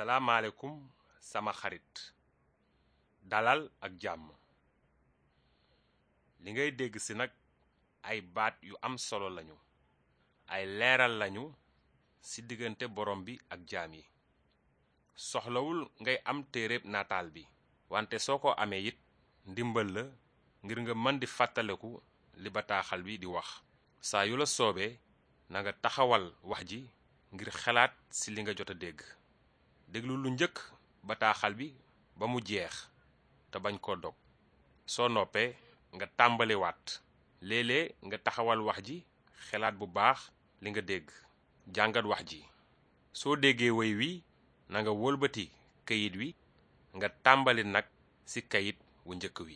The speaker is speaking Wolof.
salaamaaleykum sama xarit dalal ak jàmm li ngay dégg ci nag ay baat yu am solo lañu ay leeral lañu ci diggante borom bi ak jaam yi soxlawul ngay am téere nataal bi wante soo ko amee it ndimbal la ngir nga mën di fàttaleku li bataaxal bi di wax saa yu la soobee na taxawal wax ji ngir xalaat ci li nga jot a dégg déglu lu njëkk bataaxal bi ba mu jeex te bañ koo dog soo noppee nga tàmbaliwaat léeg nga taxawal wax ji xelaat bu baax li nga dégg jàngat wax ji soo déggee woy wi na nga wëlbati kayit wi nga tàmbali nag ci kayit wu njëkk wi